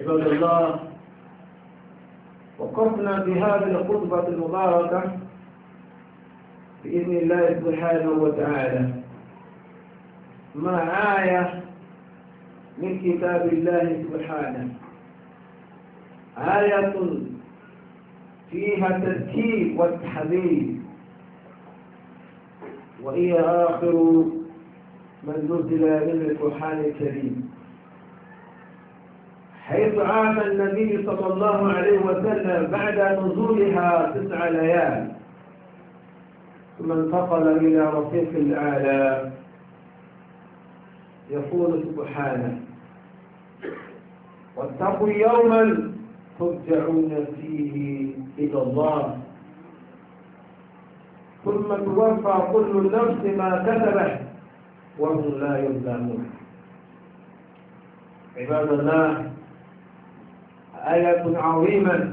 عباد الله وقفنا بهذه الخطبة المباركة بإذن الله سبحانه وتعالى مع آية من كتاب الله سبحانه آية فيها تذكير والتحذير وهي آخر من نزل من القرآن الكريم حيث عاف النبي صلى الله عليه وسلم بعد نزولها تسع ليال ثم انتقل إلى رفيق الأعلى يقول سبحانه واتقوا يوما ترجعون فيه إلى الله ثم توفى كل نفس ما كسبت وهم لا يظلمون عباد الله آية عظيمة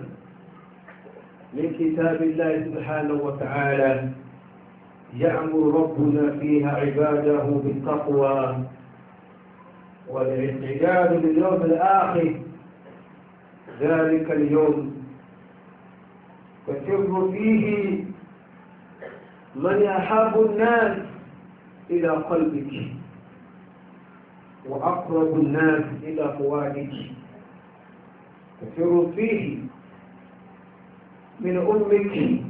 من كتاب الله سبحانه وتعالى يأمر ربنا فيها عباده بالتقوى والاعتداد لليوم الآخر ذلك اليوم وسر فيه من أحب الناس إلى قلبك وأقرب الناس إلى فؤادك فيه من أمك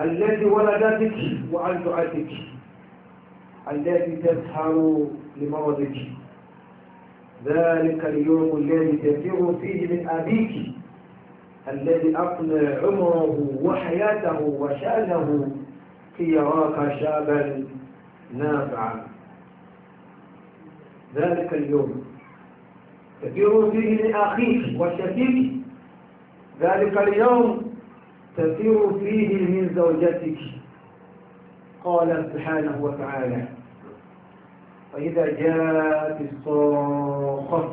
التي ولدتك وعن دعتك التي تسهر لمرضك ذلك اليوم الذي تفر فيه من أبيك الذي أقنى عمره وحياته وشأنه كي يراك شابا نافعا ذلك اليوم تسير فيه لأخيك وشتيك ذلك اليوم تثير فيه من زوجتك قال سبحانه وتعالى فإذا جاءت الصاخة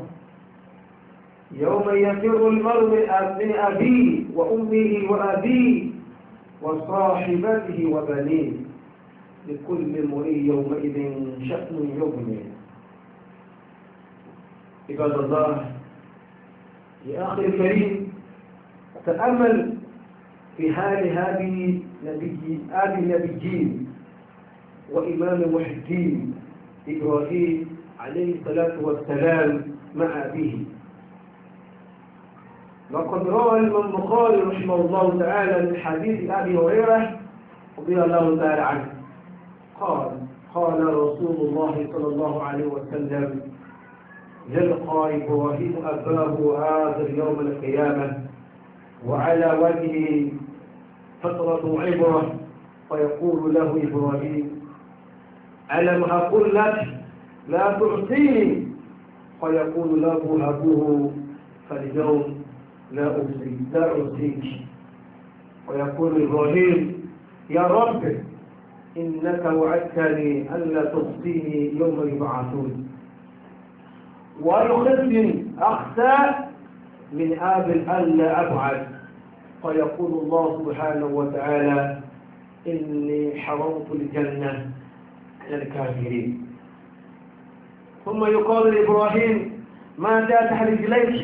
يوم يفر المرء من أبيه وأمه وأبيه وصاحبته وبنيه لكل مريء يومئذ شأن يغنيه عباد الله يا أخي الكريم تأمل في حال هذه نبي آل النبيين وإمام وحدين إبراهيم عليه الصلاة والسلام مع أبيه وقد روى الإمام البخاري رحمه الله تعالى من حديث أبي هريرة رضي الله تعالى عنه قال قال رسول الله صلى الله عليه وسلم يلقى إبراهيم أباه هذا اليوم القيامة وعلى وجهه فترة عبرة فيقول له إبراهيم ألم أقل لك لا تعطيني فيقول له أبوه فاليوم لا أعطيك لا ويقول إبراهيم يا رب إنك وعدتني ألا تعطيني يوم يبعثون ويخزن أخشى من آب ألا أبعد فيقول الله سبحانه وتعالى إني حرمت الجنة للكافرين الكافرين ثم يقال لإبراهيم ما جاء تحت ليش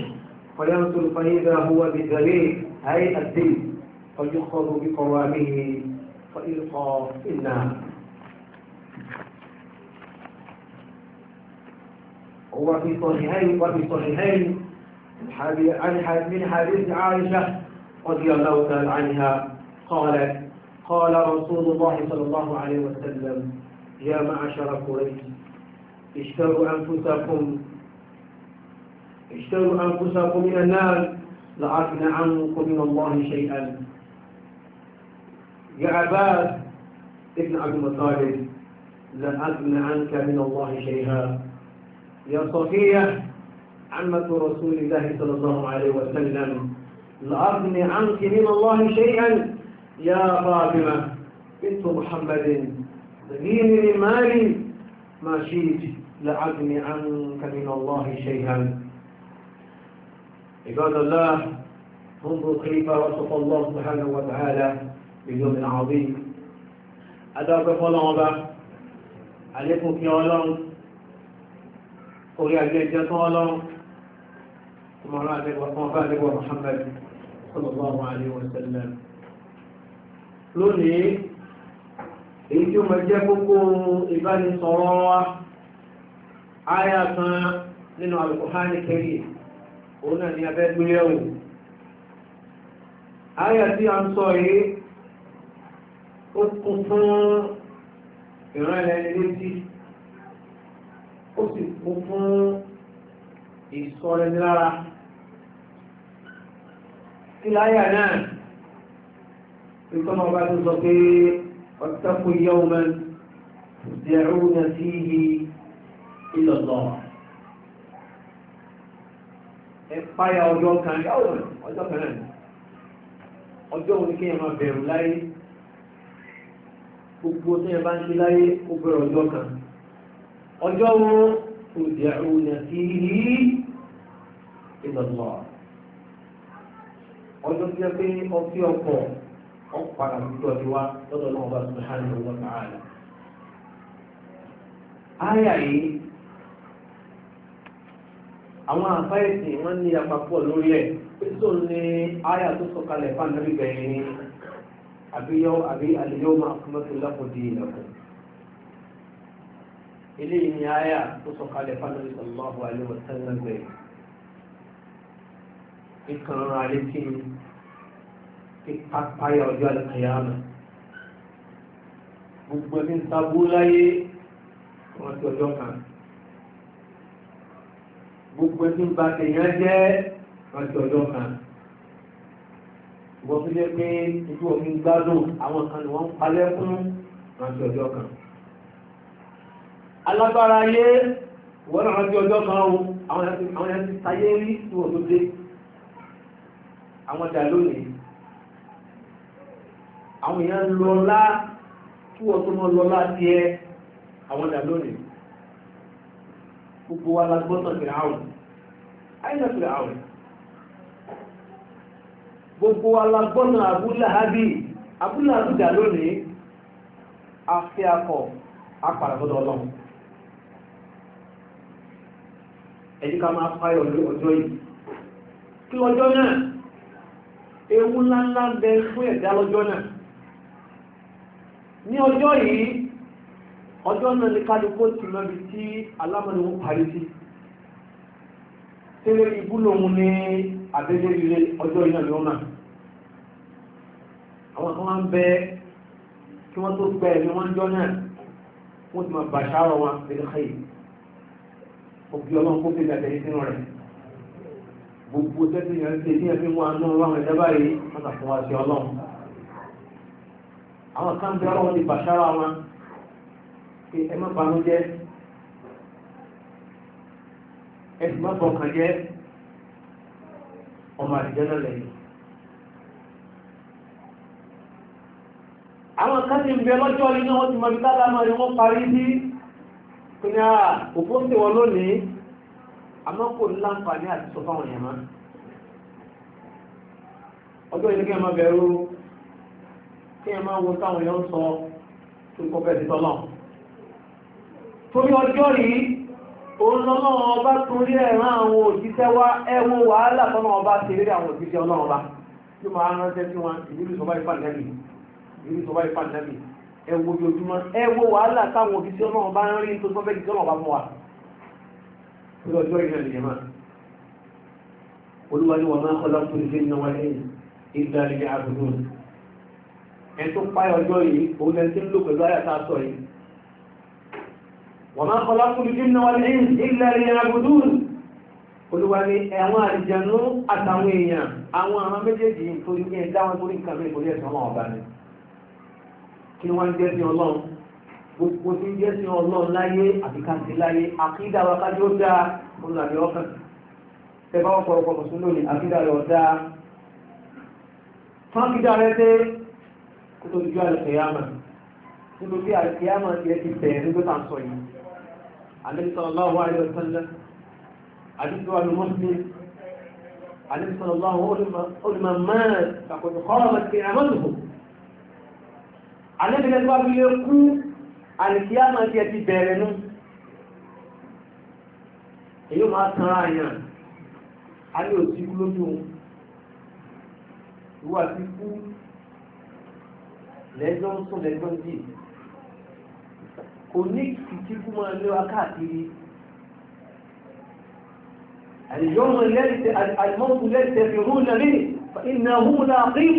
فينصر فإذا هو بالذليل أي الدين فيخرج بقوامه فإلقى في النار هو في صحيحين وفي صحيحين من حديث عائشة رضي الله تعالى عنها قالت قال رسول الله صلى الله عليه وسلم يا معشر قريش اشتروا أنفسكم اشتروا أنفسكم من النار لأغنى عنكم من الله شيئا يا عباد ابن عبد المطالب لأغنى عنك من الله شيئا يا صفية عمة رسول الله صلى الله عليه وسلم لأغني عنك من الله شيئا يا فاطمة بنت محمد زيني مالي ما شئت لأغني عنك من الله شيئا عباد الله انظر كيف وصف الله سبحانه وتعالى باليوم عظيم أدعوك فلان عليكم في علام orí agẹ́jẹ́ tán ọlọ́run tó mọ̀ rán àdẹ́gbà fún ọba àdẹ́gbà Muhammad sallallahu alaihi wa sallam lónìí èyí tí ó mọ̀ jẹ́ kókó ìbánisọ̀rọ̀ wa áyà kan nínú Al-Qur'ani Karim òun náà ni abẹ́ gbé yẹ̀wò áyà tí a ń sọ yìí ó kún fún ìran létí kún fún ìsọ̀rẹ́nilára kí láyà náà ìtọ́nà ọba tó sọ pé واتقوا يوما ترجعون فيه إلى الله ẹ̀páyà ọjọ́ kan yáwò ọjọ́ kan náà ọjọ́ òní kí ẹ máa bẹ̀rù láyé gbogbo tí ẹ bá ń ṣe láyé ó bẹ̀rù ọjọ́ kan ọjọ́ wọn تدعون فيه إلى الله ọjọ́ tí a pé ọtí ọkọ̀ ọ̀pára gbígbọ́ ti wá lọ́dọ̀ náà bá subhanahu wa ta'ala. Áyà yìí, àwọn àfáìsì wọ́n ní àpapọ̀ lórí ẹ̀. Pẹ́sọ̀ ni áyà tó sọ̀kalẹ̀ fáńdárì bẹ̀rẹ̀ ni àbíyọ́ àbí àlèyọ́ máa fún lápò di bụ. eléyìí ni àyà tó sọ kalẹ̀ fánàlì sallallahu alaihi wa sallam bẹ̀rẹ̀ kíkan rán alẹ́ kí ni kíkápáyà ọjọ́ àlùkìyàmù gbogbo ẹni ń tabú láyé wọn ti ọjọ́ kan gbogbo ẹni ń ba tèèyàn jẹ́ wọn ti ọjọ́ kan wọ́n fi lé pé ojú omi gbádùn àwọn kan ni wọ́n ń palẹ́ fún wọn ti ọjọ́ kan. alágbára ayé wọ́n náà rántí ọjọ́ kan ohun àwọn ẹ̀yà ti sáyé rí ìwọ̀n tó dé àwọn ọjà lónìí àwọn èèyàn lọ́lá kí wọ́n tó mọ́ lọ́lá ẹ àwọn ọjà lónìí gbogbo wa lágbọ́tàn fìrà áwùn àìsàn gbogbo wa lágbọ́tàn abúlé àbí abúlé ẹ̀jí ká máa fáyọ̀ ní ọjọ́ yìí kí lọ́jọ́ náà ewu ńláńlá ń bẹ fún ẹ̀dá lọ́jọ́ náà ní ọjọ́ yìí ọjọ́ náà ní kálukú ti mọ́bi tí alámọ̀lẹ́ wọn parí sí tẹ́lẹ̀ ibú lòun ní abẹ́lẹ́ ilé ọjọ́ yìí ni wọ́n náà àwọn kan máa ń bẹ kí wọ́n tó gbẹ ẹ̀mí wọn jọ náà wọ́n ti máa bàṣá ọ̀rọ̀ wọn pẹ̀lú xẹ́yìí òbí ọlọ́run kó fi gàdẹ̀ yìí sínú rẹ̀ gbogbo tẹ́tí yẹn ṣe ní ẹbí wọn anú ọlọ́run ẹ̀dá báyìí wọn kà fún wa ṣe ọlọ́run àwọn kan bí ọlọ́run ti bàṣára wọn pé ẹ má banú jẹ́ ẹ sì má bọkàn jẹ́ ọmọ àtijọ́ náà lẹ́yìn. àwọn kan ti ń bẹ lọ́jọ́ iná wọn ti mọ ibi tá a lámọ̀ wọ́n parí sí kò ní àà òpó sí wọn lónìí àmọ́ kò ní láǹfààní àti sọ fáwọn èèyàn máa ọjọ́ yìí kí ẹ máa bẹ̀rù kí ẹ máa wo táwọn èèyàn sọ tó kọ́ bẹ́ẹ̀ títọ́ náà torí ọjọ́ yìí òun lọ́nà ọba torí ẹ̀ràn àwọn òṣìṣẹ́ wa ẹ̀wọ̀n wàhálà tọ́nà ọba ṣe lérí àwọn òṣìṣẹ́ ọlọ́run ọba tí máa ránṣẹ́ sí wọn ìdílé sọ́bá ìfànẹ́bì ìdílé sọ́bá ìfànẹ́bì ẹwọ ojoojúmọ́ ẹwọ wàhálà táwọn òfìsí ọlọ́run bá ń rí nítorí wa lórí ọjọ́ ìrìn àjẹ́ máa máa ìdí ẹ̀ tó páyọ̀ ọjọ́ yìí òun tí ń lò pẹ̀lú tá a sọ yìí wọ́n máa kọ́ lọ́pọ̀ ìdí iná wa lẹ́yìn ìgbà ilẹ̀ ni ẹ̀wọ̀n àlìjànú àtàwọn èèyàn àwọn àwọn méjèèjì torí ẹ̀ torí nǹkan kí wọ́n ń jẹ́sìn ọlọ́run gbogbo tí ń jẹ́sìn ọlọ́run láyé àbíkàtì láyé àkídà wa kájú ó dáa olùdàbí ọkàn tẹ́bá ọ̀pọ̀lọpọ̀ mùsùlùmí àkídà rẹ̀ ọ̀dá fún àkídà rẹ̀ tẹ́ kó tó dùjú àlùkìyàmà nínú bí àlùkìyàmà ti ẹ ti tẹ̀ nígbó tà ń sọ yìí àdébísọ̀lọ́wọ́ àdébísọ̀lọ́ àdébísọ̀lọ́wọ́ olùmọ̀ mẹ́rin kàkòtò alẹ́bìnrin tó bá fi lè kú àlìkíyàmà tí ẹ ti bẹ̀rẹ̀ nú èyí máa tanra àyàn a ní òsì kú lójú ìwọ àti kú lẹ́jọ́ ń sùn lẹ́jọ́ ń dì kò ní kìkì kú máa láàrín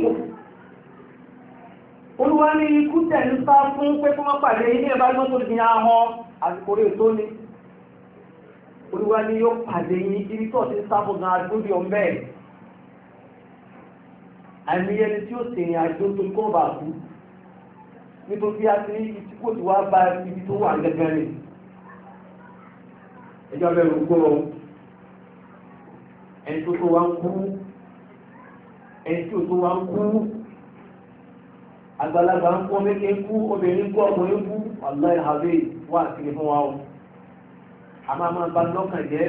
kò olúwa ní ikú tẹ̀lú sá fún pé kí wọ́n pàdé ilé ẹ̀bá gbọ́n tó di ahọ́n àsìkò rẹ̀ tó ní olúwa ní yóò pàdé yín ibi tó ti sá fún gan agbóbi ọ̀n bẹ́ẹ̀ àìmọye ẹni tí ó sèrìn àjò tó kọ́ bá kú nítorí a ti ní ibi kó ti wá bá ibi tó wà gẹ́gẹ́ rẹ̀ ẹjọ́ bẹ̀rù gbọ́ ẹni tó tó wá ń kú ẹni tó tó wá ń kú àgbàlagbà ń kó méke kú obìnrin kú ọkùnrin kú ọ̀lọ́ ìhàwé wà sí fún wa o àmọ́ àmọ́ bá lọ́kàn jẹ́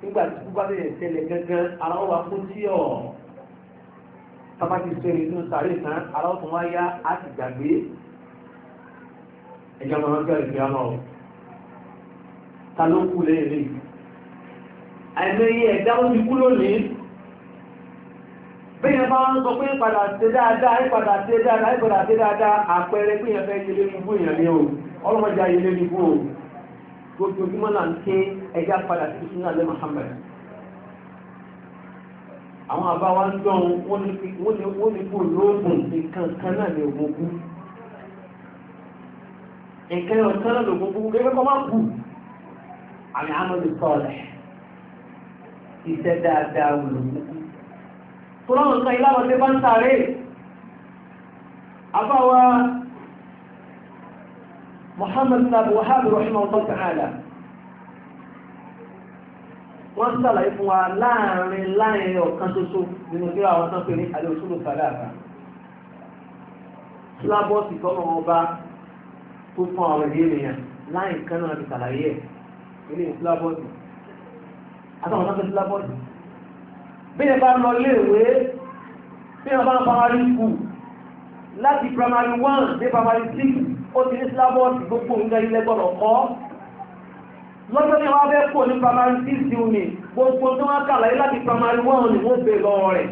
nígbà tí kú bá lè ṣẹlẹ̀ gángan ara ó wà fún tí ọ̀ sábà ti ṣẹlẹ̀ inú sàárè kan ara ó tún wá yá á ti gbàgbé ẹjọ́ máa ń bẹ̀rẹ̀ bí ọmọ o ta ló kú lẹ́yìn lẹ́yìn àìmọye ẹ̀dá ó ti kú lónìí. péyàn bá ń sọ pé padà ṣe dáadáa ìpadà ṣe dáadáa ìpadà ṣe dáadáa àpẹẹrẹ péyàn fẹ́ yẹlé nígbó èèyàn ní o ọlọ́mọdé ayẹlé o gbogbo ojúmọ́ là ń ké ẹja padà sí sunnah àwọn àbá wa ń dán wọ́n ní lóògùn kan náà ní náà tọ́lọ́wọ̀ nǹkan ìlànà tí bá ń sáré àbáwa Muhammad nabi wahabi rahimahu allah ta'ala wọ́n sàlàyé fún wa láàrin láàrin ọ̀kan ṣoṣo nínú síra àwọn tán pé ní alẹ́ òṣùlù sàdáàbà sílábọ́ọ̀sì tọ́nà ọba tó fún àwọn ìdí ènìyàn láàrin kan náà ti sàlàyé bí ẹ bá lọ léèwé bí ẹ bá ń primary school láti primary one dé primary six ó ti ní sílábọ̀ọ̀sì gbogbo nǹkan ilẹ̀ gbọ́dọ̀ kọ́ lọ́jọ́ ní wọ́n fẹ́ kò ní primary six uni gbogbo tó wọ́n kàlàyé láti primary one ni wọ́n bè lọ rẹ̀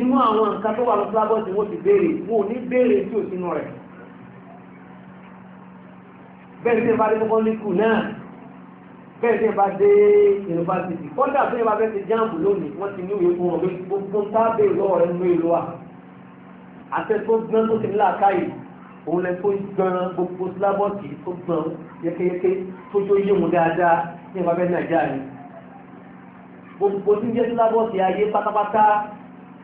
inú àwọn nǹkan tó wà ní sílábọ̀ọ̀sì wọ́n ti béèrè wọn ò ní béèrè tí ò sínú rẹ̀ bẹ́ẹ̀ ni bá dé kọ́kọ́ ní kù náà bẹ́ẹ̀ tí ẹ bá dé yunifásitì kọ́ńdà tí ẹ bá fẹ́ ti jáàmù lónìí wọ́n ti ní ìwé fún wọn pé gbogbo ń tábè lọ́wọ́ rẹ nínú ìlú wa àtẹ tó gbọ́n tó ti ní làákàyè òun lẹ tó gbọ́n gbogbo sílábọ̀tì tó gbọ́n yékéyéké tó tó yé wọn dáadáa ní ẹ bá fẹ́ nàìjíríà ni gbogbo tí ń jẹ́ sílábọ̀tì ayé pátápátá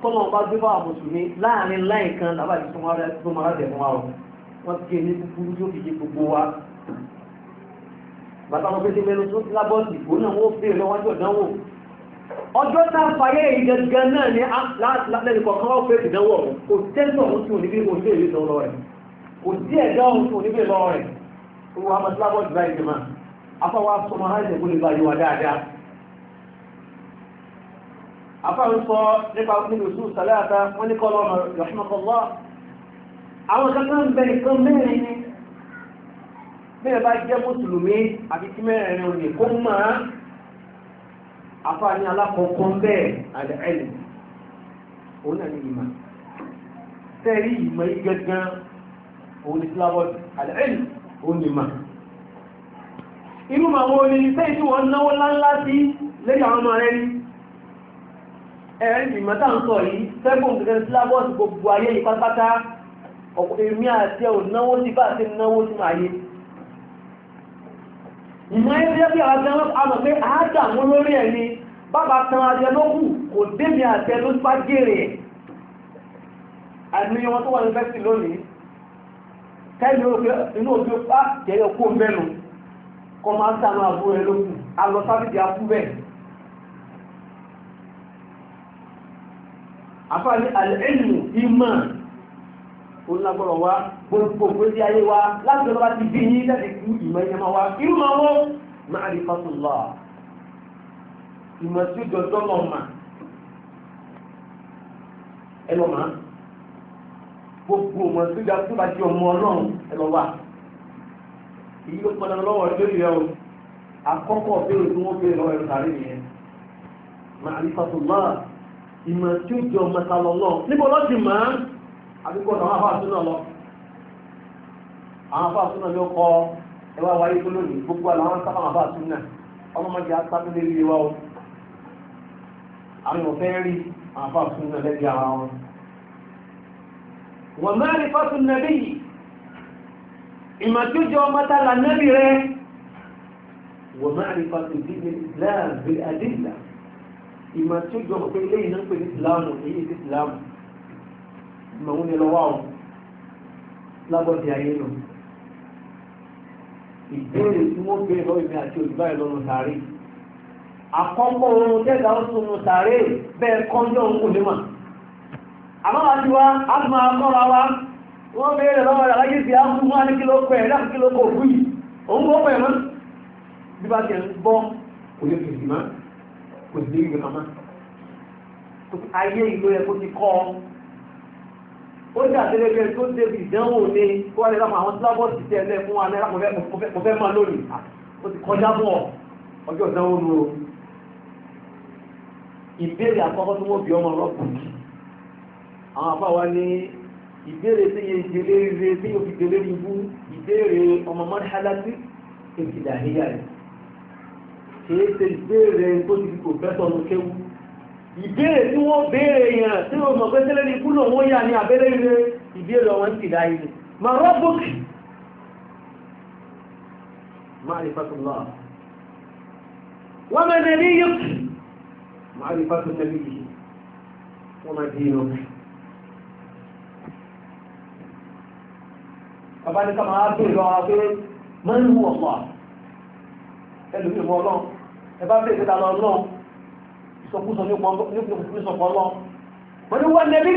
kọ́nà ọba gbé bá mùsùlùmí láàrin láì kan làbàdì tó bàtà wọn pété mẹ́nu tó lábọ́ọ̀sì kó náà wọ́n fèrè lọ́wọ́jọ́ ìdánwò ọjọ́ tá a náà ni lẹ́nu kọ̀ọ̀kan wọ́n fèrè ìdánwò ọ̀hún kò tẹ́sán ọ̀hún tí ò ní bí kò sí èlé lọ́wọ́ rẹ̀ kò sí ẹ̀dá ọ̀hún tí ò ní bí lọ́wọ́ rẹ̀ kó wọ́n á máa lábọ́ọ̀sì báyìí jẹ́ máa afáwa sọmọ aláìsẹ̀ kó lè bá yíwa bẹ́ẹ̀ bá jẹ́ mùsùlùmí àti tí mẹ́rin ò lè kó mọ́ àfààní alákọ̀ọ́kọ́ bẹ́ẹ̀ àdẹ́ẹ̀lì òun náà ní ìmọ̀ tẹ́rí ìmọ̀ yìí gẹ́gẹ́ òun ní sílábọ̀dì àdẹ́ẹ̀lì òun ní ìmọ̀ inú màá wọ́n ní pé tí wọ́n náwó láńlá sí lẹ́yìn àwọn ọmọ rẹ̀ ní ẹ̀rẹ́ ìmọ̀ tá ń sọ yìí sẹ́gbọ̀n gẹ́gẹ́ sílábọ̀dì gbogbo ayé yìí pátápátá ọ̀pọ̀ ìmọ̀ ẹni jẹ́ bí àwọn ẹgbẹ́ àmọ̀ pé àádà mú lórí ẹ̀ ni bàbá tan adìẹ ló kù kò débi àtẹ ló bá gèrè ẹ̀ àìmọye wọn tó wà ní fẹ́sì lónìí kẹ́lì inú òbí pa jẹ́yẹ kó mẹ́nu kọ́ máa ń tànú àbúrò ẹ ló kù alọ sábìdì abú bẹ́ẹ̀ àfáà ní àlẹ́ ìlú ìmọ̀ òun lágbọ́dọ̀ wá gbogbo gbèsè ayé wa láti ọlọ́ba ti bí yín láti kú ìmọ̀ ẹ̀yẹ máa irú máa wọ́n máa rí fásitìlá ìmọ̀ tí dọ̀dọ̀ lọ mà ẹ lọ mà gbogbo ọmọ tí ga tó bá di ọmọ ọlọ́run ẹ lọ wà èyí ló pọn lọ́wọ́ ẹ lórí ẹ o akọ́kọ́ béèrè tí wọ́n béèrè lọ́wọ́ ẹ sàárè yẹn máa rí fásitìlá ìmọ̀ tí ó di ọmọ ta lọ lọ níbo lọ́ọ́ ti mọ̀ á àbíkọ́ náà wà fún náà lọ àwọn afá súnà ló kọ ẹwà wáyé tó lónìí gbogbo àlọ́ àwọn sábà àfá súnà ọlọ́mọdé asábílẹ̀ ilé wa o àwọn ọ̀fẹ́ rí àwọn afá súnà lẹ́bi ara wọn. wọ́n máa rí fásún nàbí yìí ìmọ̀tójọ́ mọ́tàlá nàbí rẹ̀ wọ́n máa rí fásún dídé láàbí àdéhìlá ìmọ̀tójọ́ pé lẹ́yìn náà pé ní ìsìláàmù èyí ìsìláàmù ìmọ̀ òun ni lọ́wọ́ àwọn lábọ́dé ayé náà. ìbéèrè tí wọ́n gbé lọ ìmí àti òjìbá ìlọrun sàárè àkọ́kọ́ oorun tẹ́gà ó sunu sàárè bẹ́ẹ̀ kọ́jọ́ òun kò lè mà àmọ́ àti wa a tún máa wa wọ́n béèrè lọ́wọ́ rẹ̀ láyé sí àwọn fún wa ní kíló pẹ̀ láti kíló yìí òun kò mọ́ bí bá ń bọ́ kò lè fèsì mọ́ kò ó dà tẹ́lẹ̀kẹ́ tó débi ìdánwò ní kó wá lè ráfà àwọn sílábọ̀sì tẹ́ ẹlẹ́ fún alẹ́ mo fẹ́ máa lónìí ó ti kọjá bọ̀ ọjọ́ ìdánwò nù o ìbéèrè àkọ́kọ́ tí wọ́n bí ọmọ rọ́pù àwọn àbáwá ní ìbéèrè tí yẹ ìdílé rere tí yóò fi délé ibú ìbéèrè ọmọ mọ́rẹ́hálásí èkìdà níyà rẹ̀ kìí ṣe ìbéèrè tó ti fi kò fẹ́ sọ̀rọ̀ kéwù ìbéèrè tí wọ́n béèrè èèyàn tí ó mọ̀ pé tẹ́lẹ̀ ní kúlò wọ́n yà ní abẹ́lẹ́ ilé ìbéèrè wọn ti dá ilé ma rọ́bùkì ma'rifatullah wa ma nabiyyuk ma'rifatun nabiyyi wa ma dinuk bàbá ní kàmà á bèèrè ọ̀rọ̀ pé lọ ọlọ́run sọkúsọ nípòkúsọpọ̀ ọlọ́run pẹ̀lú wọn nẹ́bí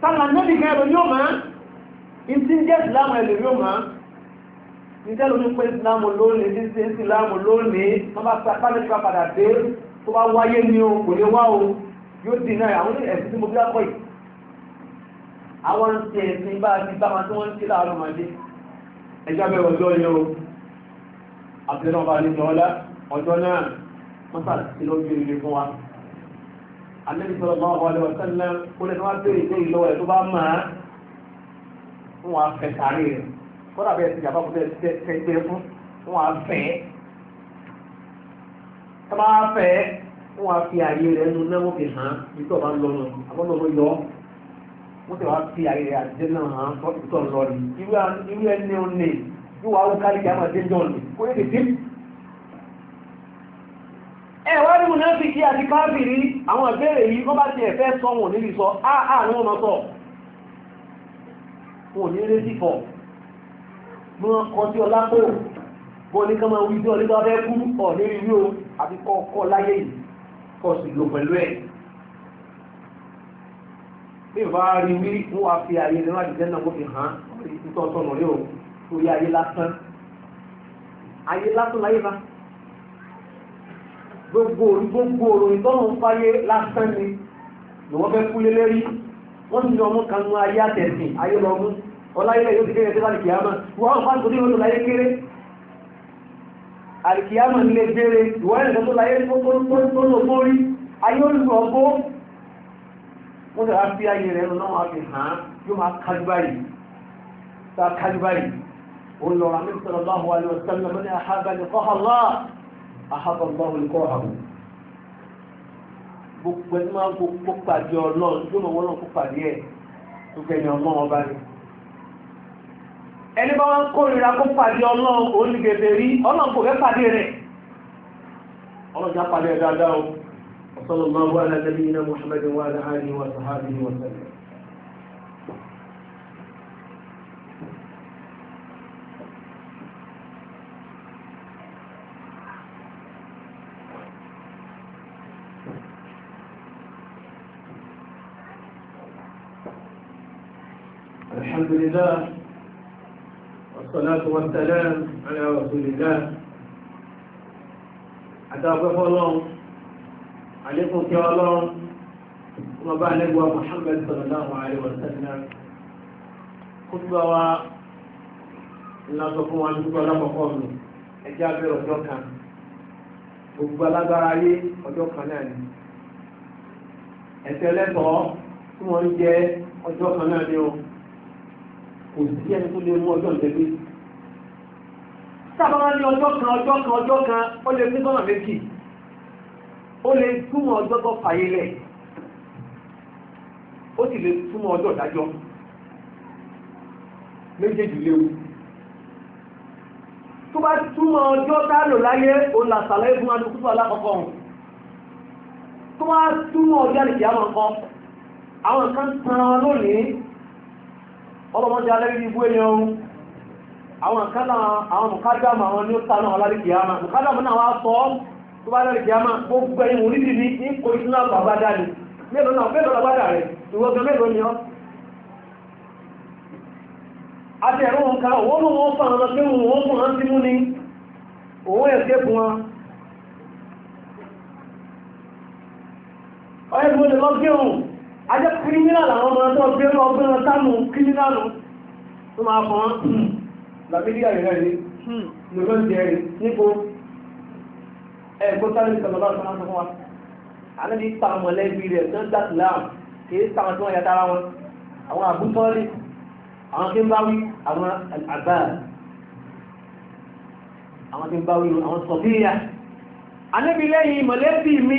sáwọn nẹ́bí kan ẹ̀rọ yóò máa ń tí ń jẹ́ ìsìláàmù ẹ̀lẹ̀ yóò máa ń jẹ́ lómi pé ìsìláàmù lónìí ní sí ìsìláàmù lónìí wọ́n bá pàdé ká padà dé tó bá wáyé ní o kò lè wá o yóò dì náà àwọn ẹ̀sìn tí mo bí lápọ̀ yìí àwọn ń ṣe ẹ̀sìn bá ti bá wọn tí wọ́n ń ṣe láàárọ̀ màdé ẹjọ́ bẹ̀rẹ̀ ọjọ́ yẹn o àbẹ̀rẹ̀ ọba ní ọjọ́ náà wọ́n sàtìlọ́gbẹ̀rẹ̀ fún wa Ànábì sallallahu alaihi wasallam ó lè fún wa bèrè ilé ìlọ́wọ́ ẹ̀ tó bá mọ̀ án fún wa fẹ́ sáré rẹ̀ kọ́dà bẹ́ẹ̀ ti jàpá fún tẹ́gbẹ́ fún fún wa fẹ́ tá bá fẹ́ fún wa fi àyè rẹ̀ nu náà wọ́n fi hàn bí tó bá ń lọ nù àbọ̀dọ̀ ló yọ wọ́n ti wá fi àyè rẹ̀ àjẹ́ náà hàn tó ń lọ ní irú ẹni ò ní yóò wá wú kárí kí á máa múnáfíkí àti káàbìrí àwọn ìbẹ̀rẹ̀ yìí wọ́n bá ti ẹ̀fẹ́ sọ wọn níbi sọ àà ah, ah, ní wọ́n máa sọ wọn ní eré sífọ̀ bí wọ́n kọ sí ọlá pò bó ní ká máa wí bí ọdún tó fẹ́ kú ọ̀ lérí rí o àti kọ́kọ́ láyé yìí kọ́ sì lò pẹ̀lú ẹ̀ bí ìbá rí wí wọ́n wá fi àyè lẹ́nu àdìjẹ́ náà wọ́n fi hàn án nítorí ọ̀tọ̀ nù rí o torí ayé gbogbo orí gbogbo òròyìn tọ́nà ń fáyé lásán ni ni wọ́n fẹ́ kúlé lérí wọ́n ti lọ mú kanú ayé àtẹ̀sìn ayé lọ mú ọláyé yóò ti kéré sí alìkìyàmà wọ́n fà tó ní oṣù láyé kéré alìkìyàmà ní lè bèèrè ìwọ́n ẹ̀rẹ́ tó láyé tó lò bórí ayé olùkọ́ bó wọ́n lọ náà fi hàn án yóò ahaba Allahu liqa'ahu gbogbo ẹni ma ń kó pàdé ọlọ́run tó mọ̀ wọ́n náà kó pàdé ẹ̀ tó kẹ́ni ọmọ wọn bá ẹni bá wọn kórìíra kó pàdé ọlọ́run onígbèbè rí ọlọ́run kò fẹ́ pàdé já dáadáa o الحمد لله والصلاة والسلام على رسول الله أتابع الله عليكم يا الله وما نبوى محمد صلى الله عليه وسلم خطبة و لا تكون عن خطبة لا مقام إجابة رجوع كان gbogbo alágbára ayé ọjọ́ kan náà ni ẹ̀sẹ̀ lẹ́tọ̀ọ́ tí wọ́n ń jẹ ọjọ́ kan náà ni o kò sí ẹni tó lè mú ọjọ́ ìtẹ́gbé sábà ní ọjọ́ kan ọjọ́ kan ọjọ́ kan ó lè ní sọ́nà méjì ó lè túmọ̀ ọjọ́ tó fàyè lẹ̀ ó sì lè túmọ̀ ọjọ́ ìdájọ́ méjèèjì léwu tó bá túmọ̀ ọjọ́ tá lò láyé òun là sàlẹ̀ fún adókútù alákọ̀ọ́kọ́ hàn tó bá túmọ̀ ọjọ́ àlèkè àwọn kan àwọn kan tan lónìí ọlọ́mọdé alẹ́rí ibú èèyàn ohun àwọn kánà àwọn mùkádàmù àwọn ní ó tánà alárí kìíyàmá mùkádàmù náà wá sọ tó bá lárí kìíyàmá gbogbo ẹ̀yìn òní dị ní kò ìsúná àgbàgbádá ni mélòó náà mélòó rẹ̀ ìwọ́gbẹ̀ mélòó ni ajẹ́ criminal àwọn ọmọ tó gbé ọgbẹ́rún sánú criminal tó máa fọ́ làbídíà rẹ̀ rí nìkan jẹ́ rí nípo ẹ̀kọ́ sáré ìsọ̀lọ́lá tó máa fọ́ wa àlejò ìta mọ̀lẹ́bí rẹ̀ tó ń dá sílám kì í sáwọn tí wọ́n yàtara wọn àwọn àbútọ́lì àwọn tí ń bá wí àwọn àgbà àwọn tí ń bá wí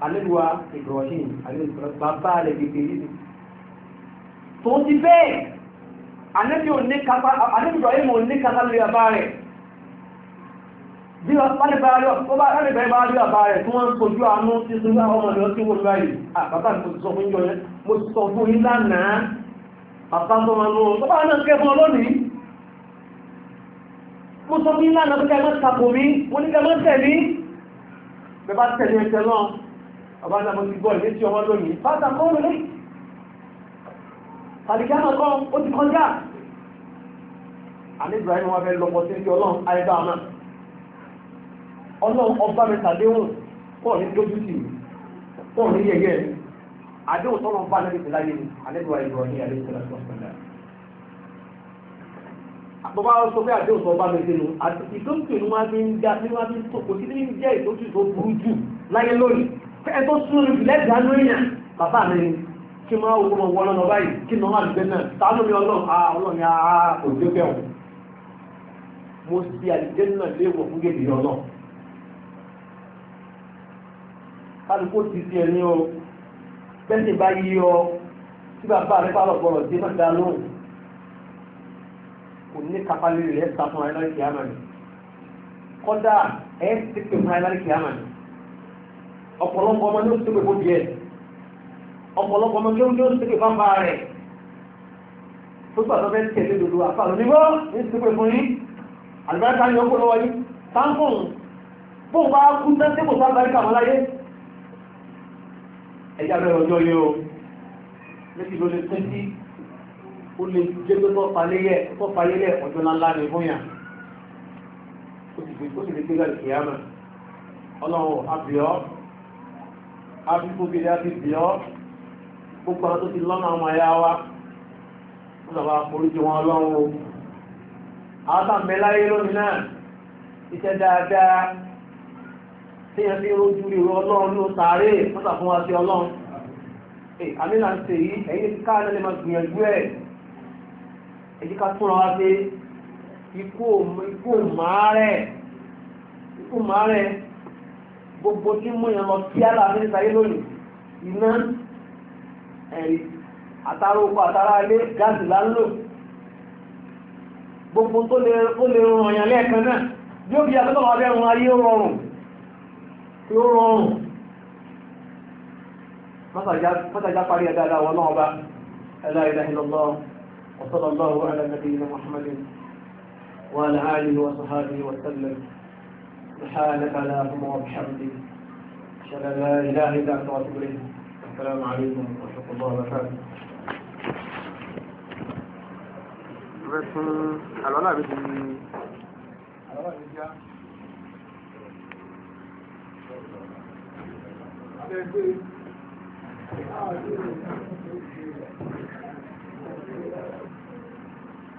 alẹ́lúwa Ibrahim alẹ́lúwa bàbá rẹ̀ gbègbè yìí tó ti bẹ́ẹ̀ anẹ́bí Ibrahim ò ní kápá lórí bàbá rẹ̀ bí wọ́n bá rẹ̀ bá rí bàbá rẹ̀ tí wọ́n ń kojú àánú tí sọ wá ọmọ lọ sí wọn báyìí àbábá mi sọ fún yọ mo sọ fún yín lánàá bàbá tó wọn lóhun tó bá náà kẹfún ọlọ́nìí mo sọ fún yín lánàá pé kẹ́ mọ́ tàbí mi mo ní kẹ́ mọ́ tẹ̀lé bẹ́ẹ̀ tẹ̀lé ẹ̀tẹ̀ náà bàbá náà mo ti gbọ́ ìlé tí ọmọ lónìí fásitì àkọ́wé lé tàbíkẹ́ náà kọ́ ó ti kọjá àní Ibrahim wọn fẹ́ lọ́pọ̀ sí ti ọlọ́run ayébá àmà ọlọ́run ọba mi tàdéhùn pọ̀ ní lójú sí pọ̀ ní yẹyẹ àdéhùn tọ́lọ̀ ń bá ní ìpínlẹ̀ ayé ni àní Ibrahim wọn ní àdéhùn tọ́lọ̀ tó ṣẹlẹ̀ bàbá sọ pé àdéhùn tó bá mi dénú àti ìdókòwò ni ń já ni wọn ń tó kò sí ní jẹ́ ìdókòwò tó burú jù láyé lónìí ẹ tó sún lẹ́gbàánú èèyàn bàbá mi kí máa wo ọmọ wọlọ́nà báyìí kí nọ́mà lùgbẹ́ náà tánú mi ọlọ́run a ọlọ́run a òjò bẹ́ẹ̀ mo sì àlìjẹ́ náà léèwọ̀ fún gèdè ọlọ́run kálukó ti ti ẹni o tẹ́sí bá yí ọ tí bàbá rẹ bá lọ bọ̀rọ̀ dé má dá lóhùn kò ní kápálẹ̀ rẹ̀ ẹ̀ sá fún ayélujára kìámà ni kọ́dà ẹ̀ ti pè fún ayélujára kìámà ni ọ̀pọ̀lọpọ̀ ọmọ ní ó sípè fún díẹ̀ ọ̀pọ̀lọpọ̀ ọmọ ní ó sípè fún bá rẹ̀ tó gbàtọ́ fẹ́ tẹ̀lé lòlò àfààní nígbọ́ ní sípè fún yí àlùbáríkà ni ọkọ̀ lọ́wọ́ yí táǹkùn bó bá kú tẹ́sí kò sá àlùbáríkà wọn láyé ẹ̀yà bẹ̀rẹ̀ ọjọ́ yìí o méjì ló lè pín sí ó lè jẹ́ pé tọ́pa léyẹ tọ́pa léyẹ ọjọ́ ńláńlá ni fún yàn ó sì lè gbé gàdì kìyàmà ọlọ́run àbíọ́ afífógiri àbíbíọ́ gbogbo tó ti lọ́nà ọmọ ẹ̀yà wa wọ́n lọ́wọ́ wọn ọlọ́run o àwọn lónìí náà iṣẹ́ dáadáa tí yẹn fi rojú rí ọlọ́run ní sàárè wọ́n tàbí wá sí ń náà lè máa gbìyànjú ká sí ikú ikú gbogbo tí mú yẹn lọ sí aláàmìlísà yé lónìí iná ẹ̀rí àtàrà oko àtàrà ilé gáàsì láńlò gbogbo tó lè rọrùn ọ̀yàn lẹ́ẹ̀kan náà bí ó bí akẹ́kọ̀ọ́ abẹ́ rùn ayé rọrùn tí ó rọrùn mọ́tàjá parí ẹ̀dáadáa wọn náà bá ẹ̀dá ilẹ̀ ìlọ́lọ́ وصلى الله على نبينا محمد وعلى آله وصحابه وسلم سبحانك اللهم وبحمدك أشهد أن لا إله إلا أنت وأتوب السلام عليكم ورحمة الله وبركاته fún àlọ́lá mi ti àlọ́lá mi já abẹ́gbé